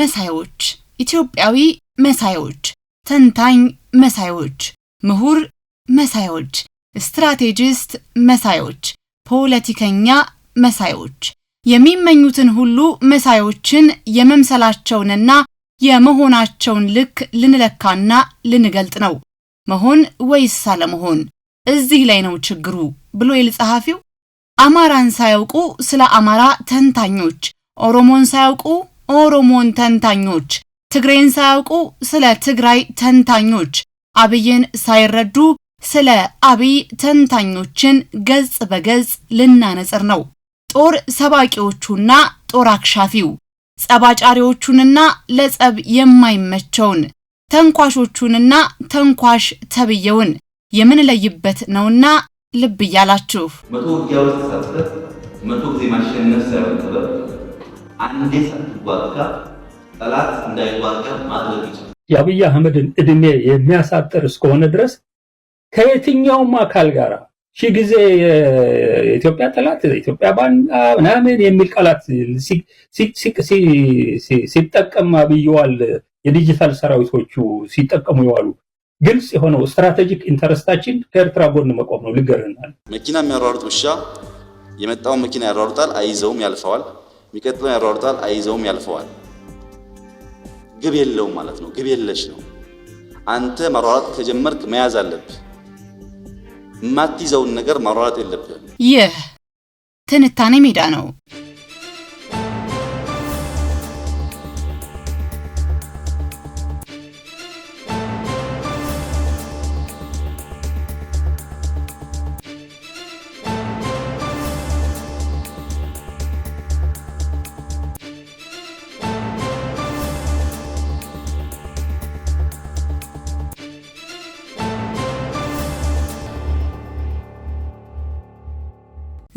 መሳዮች፣ ኢትዮጵያዊ መሳዮች፣ ተንታኝ መሳዮች፣ ምሁር መሳዮች፣ ስትራቴጂስት መሳዮች፣ ፖለቲከኛ መሳዮች የሚመኙትን ሁሉ መሳዮችን የመምሰላቸውንና የመሆናቸውን ልክ ልንለካና ልንገልጥ ነው። መሆን ወይስ አለመሆን? እዚህ ላይ ነው ችግሩ ብሎ ይል ጸሐፊው። አማራን ሳያውቁ ስለ አማራ ተንታኞች፣ ኦሮሞን ሳያውቁ ኦሮሞን ተንታኞች፣ ትግሬን ሳያውቁ ስለ ትግራይ ተንታኞች፣ አብይን ሳይረዱ ስለ አብይ ተንታኞችን ገጽ በገጽ ልናነጽር ነው። ጦር ሰባቂዎቹና ጦር አክሻፊው፣ ጸባጫሪዎቹንና ለጸብ የማይመቸውን ተንኳሾቹንና ተንኳሽ ተብየውን የምንለይበት ነውና ልብ እያላችሁ መቶ ውጊያ ውስጥ ተሳትፈህ መቶ ጊዜ ማሸነፍ ሳይሆን ጥበብ አንዴ ሳትዋጋ ጠላት እንዳይዋጋ ማድረግ ይችላል። የአብይ አህመድን እድሜ የሚያሳጥር እስከሆነ ድረስ ከየትኛውም አካል ጋር ሺህ ጊዜ የኢትዮጵያ ጠላት ኢትዮጵያ ባንዳ ምናምን የሚል ቃላት ሲጠቀም አብይዋል። የዲጂታል ሰራዊቶቹ ሲጠቀሙ የዋሉ ግልጽ የሆነው ስትራቴጂክ ኢንተረስታችን ከኤርትራ ጎን መቆም ነው። ልገርናል መኪና የሚያሯሩጥ ውሻ የመጣውን መኪና ያሯሩጣል፣ አይዘውም፣ ያልፈዋል። የሚቀጥለው ያሯሩጣል፣ አይዘውም፣ ያልፈዋል። ግብ የለውም ማለት ነው። ግብ የለሽ ነው። አንተ ማሯሯጥ ከጀመርክ መያዝ አለብህ። የማትይዘውን ነገር ማሯሯጥ የለብህም። ይህ ትንታኔ ሜዳ ነው።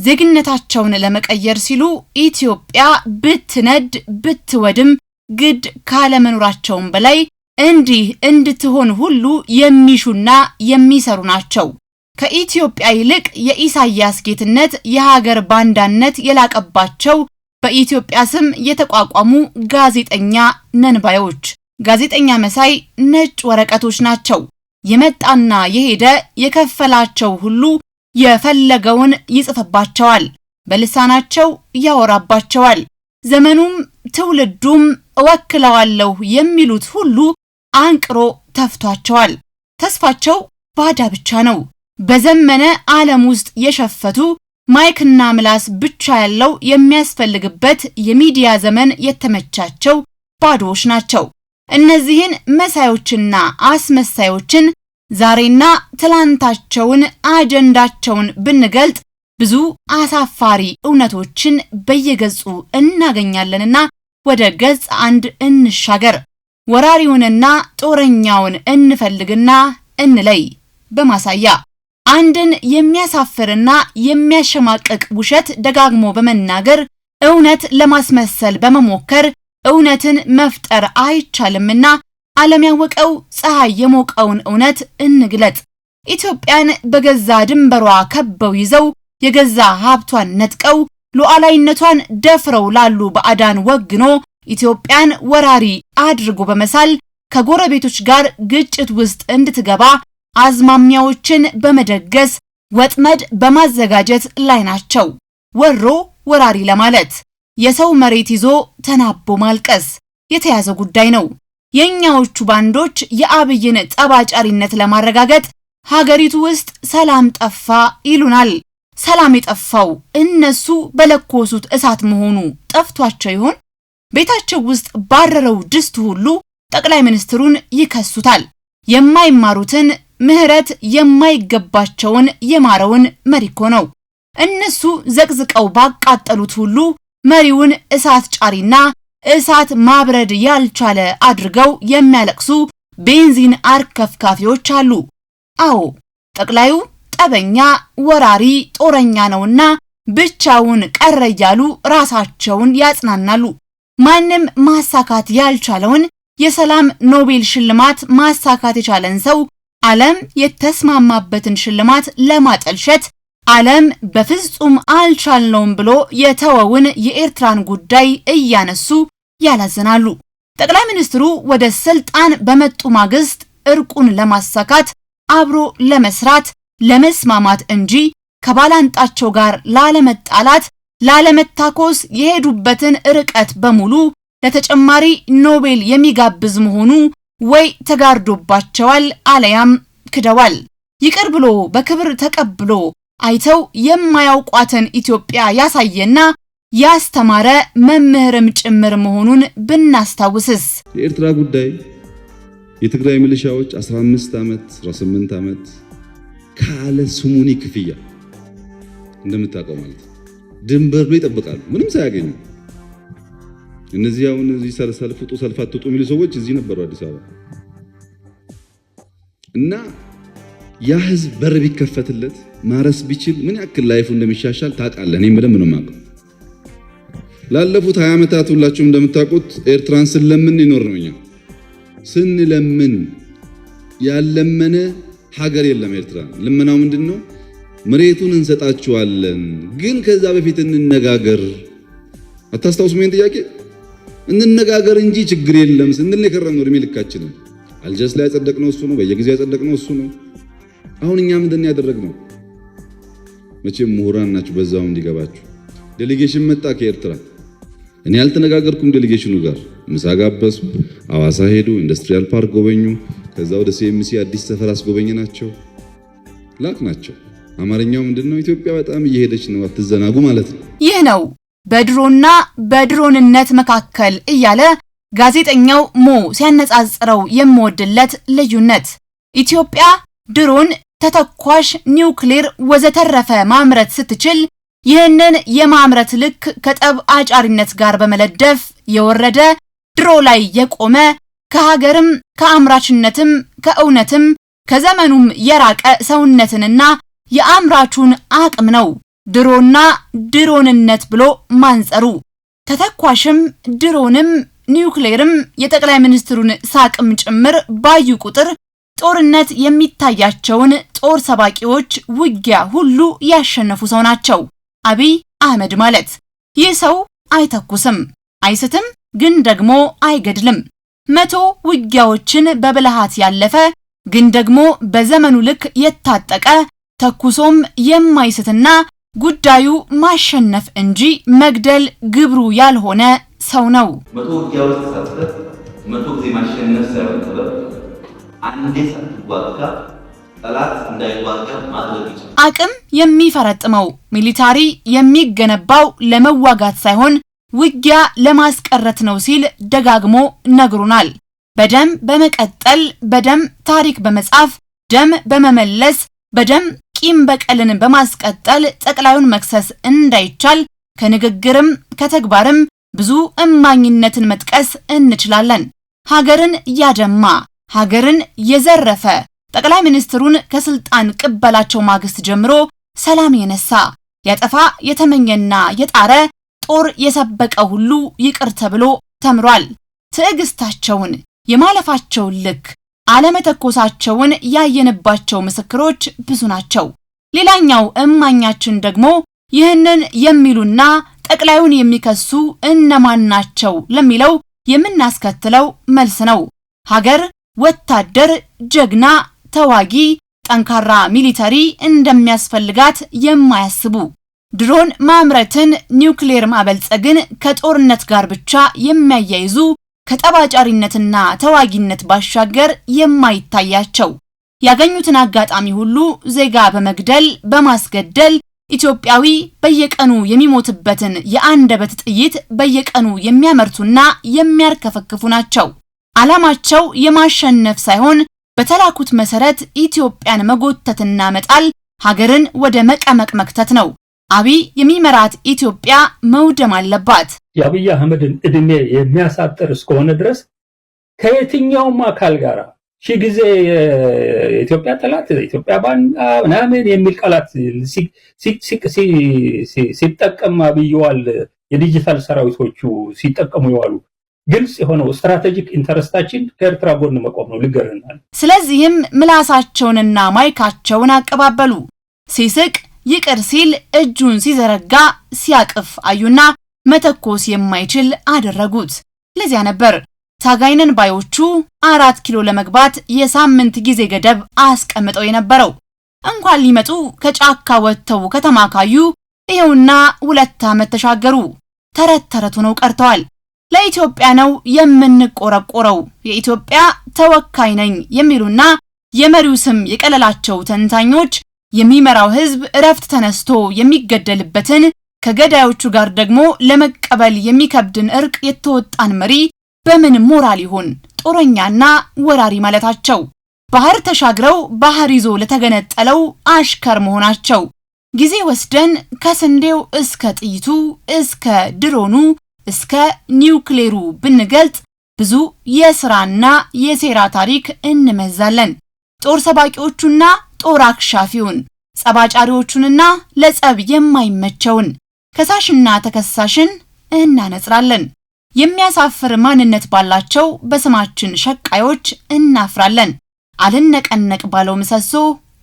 ዜግነታቸውን ለመቀየር ሲሉ ኢትዮጵያ ብትነድ ብትወድም ግድ ካለመኖራቸውም በላይ እንዲህ እንድትሆን ሁሉ የሚሹና የሚሰሩ ናቸው። ከኢትዮጵያ ይልቅ የኢሳያስ ጌትነት የሀገር ባንዳነት የላቀባቸው በኢትዮጵያ ስም የተቋቋሙ ጋዜጠኛ ነንባዮች፣ ጋዜጠኛ መሳይ ነጭ ወረቀቶች ናቸው። የመጣና የሄደ የከፈላቸው ሁሉ የፈለገውን ይጽፍባቸዋል፣ በልሳናቸው ያወራባቸዋል። ዘመኑም ትውልዱም እወክለዋለሁ የሚሉት ሁሉ አንቅሮ ተፍቷቸዋል። ተስፋቸው ባዳ ብቻ ነው። በዘመነ ዓለም ውስጥ የሸፈቱ ማይክና ምላስ ብቻ ያለው የሚያስፈልግበት የሚዲያ ዘመን የተመቻቸው ባዶዎች ናቸው። እነዚህን መሳዮችና አስመሳዮችን ዛሬና ትላንታቸውን አጀንዳቸውን ብንገልጥ ብዙ አሳፋሪ እውነቶችን በየገጹ እናገኛለንና ወደ ገጽ አንድ እንሻገር። ወራሪውንና ጦረኛውን እንፈልግና እንለይ። በማሳያ አንድን የሚያሳፍርና የሚያሸማቅቅ ውሸት ደጋግሞ በመናገር እውነት ለማስመሰል በመሞከር እውነትን መፍጠር አይቻልምና ዓለም ያወቀው ፀሐይ የሞቀውን እውነት እንግለጥ። ኢትዮጵያን በገዛ ድንበሯ ከበው ይዘው የገዛ ሀብቷን ነጥቀው ሉዓላዊነቷን ደፍረው ላሉ ባዕዳን ወግኖ ኢትዮጵያን ወራሪ አድርጎ በመሳል ከጎረቤቶች ጋር ግጭት ውስጥ እንድትገባ አዝማሚያዎችን በመደገስ ወጥመድ በማዘጋጀት ላይ ናቸው። ወሮ ወራሪ ለማለት የሰው መሬት ይዞ ተናቦ ማልቀስ የተያዘ ጉዳይ ነው። የእኛዎቹ ባንዶች የአብይን ጠባጫሪነት ለማረጋገጥ ሀገሪቱ ውስጥ ሰላም ጠፋ ይሉናል። ሰላም የጠፋው እነሱ በለኮሱት እሳት መሆኑ ጠፍቷቸው ይሆን? ቤታቸው ውስጥ ባረረው ድስት ሁሉ ጠቅላይ ሚኒስትሩን ይከሱታል። የማይማሩትን ምህረት የማይገባቸውን የማረውን መሪ እኮ ነው። እነሱ ዘቅዝቀው ባቃጠሉት ሁሉ መሪውን እሳት ጫሪና እሳት ማብረድ ያልቻለ አድርገው የሚያለቅሱ ቤንዚን አርከፍካፊዎች አሉ። አዎ ጠቅላዩ ጠበኛ፣ ወራሪ፣ ጦረኛ ነውና ብቻውን ቀረ እያሉ ራሳቸውን ያጽናናሉ። ማንም ማሳካት ያልቻለውን የሰላም ኖቤል ሽልማት ማሳካት የቻለን ሰው ዓለም የተስማማበትን ሽልማት ለማጠልሸት ዓለም በፍጹም አልቻልነውም ብሎ የተወውን የኤርትራን ጉዳይ እያነሱ ያላዝናሉ። ጠቅላይ ሚኒስትሩ ወደ ስልጣን በመጡ ማግስት እርቁን ለማሳካት አብሮ ለመስራት ለመስማማት እንጂ ከባላንጣቸው ጋር ላለመጣላት፣ ላለመታኮስ የሄዱበትን ርቀት በሙሉ ለተጨማሪ ኖቤል የሚጋብዝ መሆኑ ወይ ተጋርዶባቸዋል አለያም ክደዋል። ይቅር ብሎ በክብር ተቀብሎ አይተው የማያውቋትን ኢትዮጵያ ያሳየና ያስተማረ መምህርም ጭምር መሆኑን ብናስታውስስ? የኤርትራ ጉዳይ የትግራይ ሚሊሻዎች 15 ዓመት 18 ዓመት ካለ ስሙኒ ክፍያ እንደምታውቀው ማለት ድንበር ነው ይጠብቃሉ፣ ምንም ሳያገኙ እነዚህ አሁን እዚህ ሰልፍ ውጡ ሰልፍ አትውጡ የሚሉ ሰዎች እዚህ ነበሩ አዲስ አበባ እና ያ ህዝብ በር ቢከፈትለት ማረስ ቢችል ምን ያክል ላይፉ እንደሚሻሻል ታውቃለህ። እኔም በደንብ ነው የማውቀው። ላለፉት 20 ዓመታት ሁላችሁም እንደምታውቁት ኤርትራን ስንለምን ይኖር ነው። እኛ ስንለምን ያለመነ ሀገር የለም። ኤርትራ ልመናው ምንድን ነው? መሬቱን እንሰጣችኋለን፣ ግን ከዛ በፊት እንነጋገር። አታስታውሱም? ይሄን ጥያቄ እንነጋገር እንጂ ችግር የለም ስንል የከረም ነው እድሜ ልካችንን። አልጀስ ላይ ያጸደቅነው እሱ ነው። በየጊዜው ያጸደቅነው እሱ ነው። አሁን እኛ ምንድን ያደረግነው? መቼም ምሁራን ናችሁ፣ በዛውም እንዲገባችሁ ዴሌጌሽን መጣ ከኤርትራ እኔ ያልተነጋገርኩም ዴሌጌሽኑ ጋር ምሳ ጋበሱ። አዋሳ ሄዱ፣ ኢንዱስትሪያል ፓርክ ጎበኙ። ከዛ ወደ ሲኤምሲ አዲስ ሰፈር አስጎበኝ ናቸው ላክ ናቸው። አማርኛው ምንድን ነው? ኢትዮጵያ በጣም እየሄደች ነው፣ አትዘናጉ ማለት ነው። ይህ ነው በድሮና በድሮንነት መካከል እያለ ጋዜጠኛው ሞ ሲያነጻጽረው የምወድለት ልዩነት ኢትዮጵያ ድሮን፣ ተተኳሽ፣ ኒውክሌር ወዘተረፈ ማምረት ስትችል ይህንን የማምረት ልክ ከጠብ አጫሪነት ጋር በመለደፍ የወረደ ድሮ ላይ የቆመ ከሀገርም ከአምራችነትም ከእውነትም ከዘመኑም የራቀ ሰውነትንና የአምራቹን አቅም ነው ድሮና ድሮንነት ብሎ ማንጸሩ። ተተኳሽም ድሮንም ኒውክሌርም የጠቅላይ ሚኒስትሩን ሳቅም ጭምር ባዩ ቁጥር ጦርነት የሚታያቸውን ጦር ሰባቂዎች ውጊያ ሁሉ ያሸነፉ ሰው ናቸው። አብይ አህመድ ማለት ይህ ሰው አይተኩስም፣ አይስትም፣ ግን ደግሞ አይገድልም። መቶ ውጊያዎችን በብልሃት ያለፈ ግን ደግሞ በዘመኑ ልክ የታጠቀ ተኩሶም የማይስትና ጉዳዩ ማሸነፍ እንጂ መግደል ግብሩ ያልሆነ ሰው ነው። መቶ ውጊያዎች ውስጥ መቶ ጊዜ ማሸነፍ ሳይሆን ጥበብ አንዴ ሳትዋጋ አቅም የሚፈረጥመው ሚሊታሪ የሚገነባው ለመዋጋት ሳይሆን ውጊያ ለማስቀረት ነው ሲል ደጋግሞ ነግሮናል። በደም በመቀጠል በደም ታሪክ በመጻፍ ደም በመመለስ በደም ቂም በቀልን በማስቀጠል ጠቅላዩን መክሰስ እንዳይቻል ከንግግርም ከተግባርም ብዙ እማኝነትን መጥቀስ እንችላለን። ሀገርን ያደማ ሀገርን የዘረፈ ጠቅላይ ሚኒስትሩን ከስልጣን ቅበላቸው ማግስት ጀምሮ ሰላም የነሳ ያጠፋ የተመኘና የጣረ ጦር የሰበቀ ሁሉ ይቅር ተብሎ ተምሯል። ትዕግስታቸውን የማለፋቸውን ልክ አለመተኮሳቸውን ያየንባቸው ምስክሮች ብዙ ናቸው። ሌላኛው እማኛችን ደግሞ ይህንን የሚሉና ጠቅላዩን የሚከሱ እነማን ናቸው ለሚለው የምናስከትለው መልስ ነው። ሀገር፣ ወታደር፣ ጀግና ተዋጊ ጠንካራ ሚሊተሪ እንደሚያስፈልጋት የማያስቡ ድሮን ማምረትን፣ ኒውክሌር ማበልጸግን ከጦርነት ጋር ብቻ የሚያያይዙ ከጠባጫሪነትና ተዋጊነት ባሻገር የማይታያቸው ያገኙትን አጋጣሚ ሁሉ ዜጋ በመግደል በማስገደል ኢትዮጵያዊ በየቀኑ የሚሞትበትን የአንደበት ጥይት በየቀኑ የሚያመርቱና የሚያርከፈክፉ ናቸው። ዓላማቸው የማሸነፍ ሳይሆን በተላኩት መሰረት ኢትዮጵያን መጎተትና መጣል ሀገርን ወደ መቀመቅ መክተት ነው። አብይ የሚመራት ኢትዮጵያ መውደም አለባት። የአብይ አህመድን እድሜ የሚያሳጥር እስከሆነ ድረስ ከየትኛውም አካል ጋር ሺህ ጊዜ የኢትዮጵያ ጠላት ኢትዮጵያ ባንዳ ምናምን የሚል ቃላት ሲጠቀም አብይ የዲጂታል ሰራዊቶቹ ሲጠቀሙ ይዋሉ ግልጽ የሆነው ስትራቴጂክ ኢንተረስታችን ከኤርትራ ጎን መቆም ነው። ልገርናል። ስለዚህም ምላሳቸውንና ማይካቸውን አቀባበሉ። ሲስቅ ይቅር ሲል እጁን ሲዘረጋ ሲያቅፍ አዩና መተኮስ የማይችል አደረጉት። ለዚያ ነበር ታጋይነን ባዮቹ አራት ኪሎ ለመግባት የሳምንት ጊዜ ገደብ አስቀምጠው የነበረው። እንኳን ሊመጡ ከጫካ ወጥተው ከተማ ካዩ ይኸውና ሁለት ዓመት ተሻገሩ። ተረት ተረት ሆነው ቀርተዋል። ለኢትዮጵያ ነው የምንቆረቆረው፣ የኢትዮጵያ ተወካይ ነኝ የሚሉና የመሪው ስም የቀለላቸው ተንታኞች የሚመራው ህዝብ እረፍት ተነስቶ የሚገደልበትን ከገዳዮቹ ጋር ደግሞ ለመቀበል የሚከብድን እርቅ የተወጣን መሪ በምን ሞራል ይሆን ጦረኛና ወራሪ ማለታቸው? ባህር ተሻግረው ባህር ይዞ ለተገነጠለው አሽከር መሆናቸው ጊዜ ወስደን ከስንዴው እስከ ጥይቱ እስከ ድሮኑ እስከ ኒውክሌሩ ብንገልጽ ብዙ የስራና የሴራ ታሪክ እንመዛለን። ጦር ሰባቂዎቹና ጦር አክሻፊውን፣ ጸባጫሪዎቹንና ለጸብ የማይመቸውን ከሳሽና ተከሳሽን እናነጽራለን። የሚያሳፍር ማንነት ባላቸው በስማችን ሸቃዮች እናፍራለን። አልነቀነቅ ባለው ምሰሶ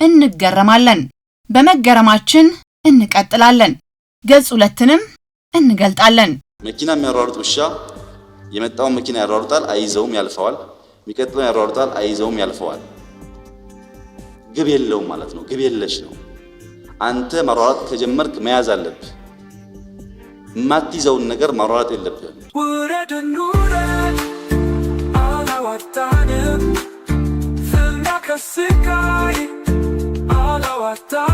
እንገረማለን። በመገረማችን እንቀጥላለን። ገጽ ሁለትንም እንገልጣለን። መኪና የሚያሯሩጥ ውሻ የመጣውን መኪና ያሯሩጣል፣ አይዘውም፣ ያልፈዋል። የሚቀጥለውን ያሯሩጣል፣ አይዘውም፣ ያልፈዋል። ግብ የለውም ማለት ነው። ግብ የለሽ ነው። አንተ ማሯሯጥ ከጀመርክ መያዝ አለብህ። የማትይዘውን ነገር ማሯሯጥ የለብህም። ውረድን ውረድ አላዋጣንም፣ ፍና አላዋጣ